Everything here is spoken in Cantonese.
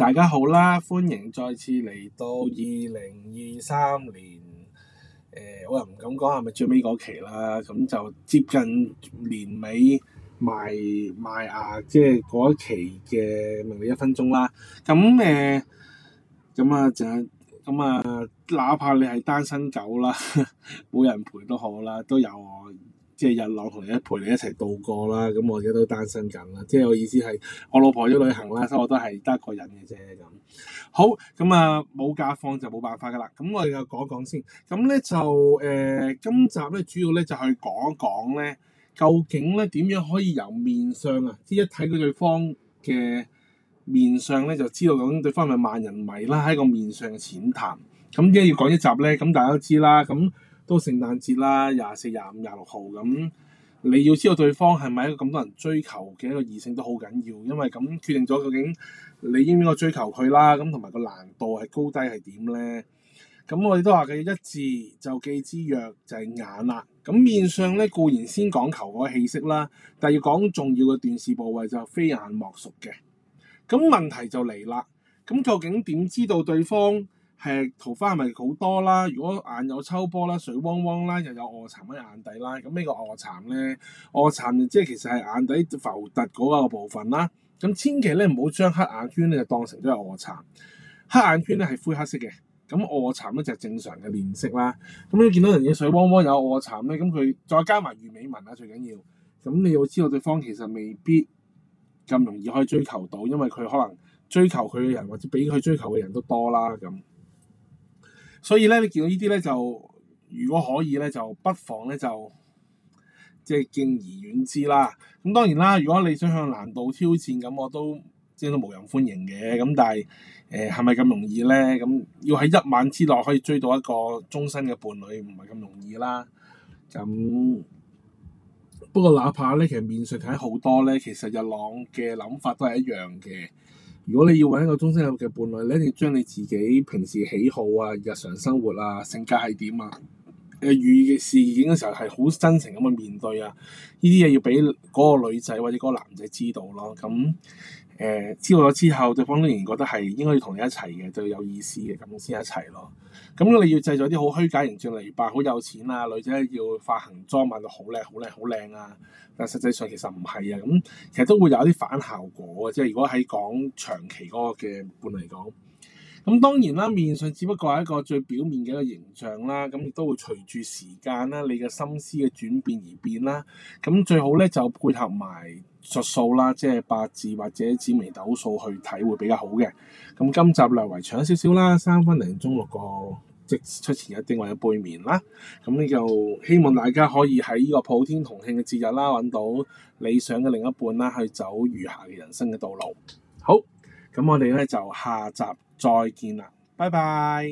大家好啦，歡迎再次嚟到二零二三年，誒、呃、我又唔敢講係咪最尾嗰期啦，咁就接近年尾賣賣啊，即係嗰期嘅命理一分鐘啦，咁、嗯、誒，咁啊就咁啊，哪怕你係單身狗啦，冇人陪都好啦，都有我。即係日落同你一陪你一齊度過啦，咁我而家都單身緊啦。即係我意思係，我老婆去旅行啦，所以我都係得一個人嘅啫咁。好，咁啊冇假放就冇辦法噶啦。咁我哋就講講先。咁咧就誒，今集咧主要咧就係講一講咧，究竟咧點樣可以由面相啊，即係一睇佢對方嘅面相咧，就知道究竟對方係咪萬人迷啦？喺個面上嘅淺談。咁點解要講一集咧，咁大家都知啦。咁。都聖誕節啦，廿四、廿五、廿六號咁，你要知道對方係咪一個咁多人追求嘅一個異性都好緊要，因為咁決定咗究竟你應唔應該追求佢啦，咁同埋個難度係高低係點呢？咁我哋都話佢一字就記之曰就係、是、眼啦。咁面上呢，固然先講求個氣息啦，但係要講重要嘅斷事部位就非眼莫屬嘅。咁問題就嚟啦，咁究竟點知道對方？係桃花咪好多啦，如果眼有秋波啦、水汪汪啦，又有臥蠶喺眼底啦，咁呢個臥蠶咧，臥蠶即係其實係眼底浮凸嗰個部分啦。咁千祈咧唔好將黑眼圈咧就當成咗係臥蠶，黑眼圈咧係灰黑色嘅，咁臥蠶咧就係正常嘅面色啦。咁你見到人嘅水汪汪有臥蠶咧，咁佢再加埋魚尾紋啊，最緊要，咁你要知道對方其實未必咁容易可以追求到，因為佢可能追求佢嘅人或者俾佢追求嘅人都多啦咁。所以咧，你見到呢啲咧就，如果可以咧，就不妨咧就，即係敬而遠之啦。咁當然啦，如果你想向難度挑戰，咁我都即係都無人歡迎嘅。咁但係，誒係咪咁容易咧？咁要喺一晚之內可以追到一個終身嘅伴侶，唔係咁容易啦。咁不過哪怕咧，其實面上睇好多咧，其實日朗嘅諗法都係一樣嘅。如果你要揾一個終身幸福嘅伴侶，你一定要將你自己平時喜好啊、日常生活啊、性格係點啊？誒遇嘅事件嘅時候係好真誠咁去面對啊！呢啲嘢要俾嗰個女仔或者嗰個男仔知道咯。咁、嗯、誒知道咗之後，對方仍然覺得係應該要同你一齊嘅，就有意思嘅，咁先一齊咯。咁、嗯、你要製造啲好虛假形象嚟扮好有錢啊！女仔要化行妝扮到好靚好靚好靚啊！但實際上其實唔係啊。咁、嗯、其實都會有啲反效果嘅，即係如果喺講長期嗰個嘅伴嚟講。咁當然啦，面上只不過係一個最表面嘅一個形象啦，咁亦都會隨住時間啦，你嘅心思嘅轉變而變啦。咁最好咧就配合埋術數啦，即係八字或者紫微斗數去睇會比較好嘅。咁今集略為長少少啦，三分零鐘六個即出前一定外嘅背面啦。咁就希望大家可以喺呢個普天同慶嘅節日啦，揾到理想嘅另一半啦，去走餘下嘅人生嘅道路。好。咁我哋咧就下集再見啦，拜拜。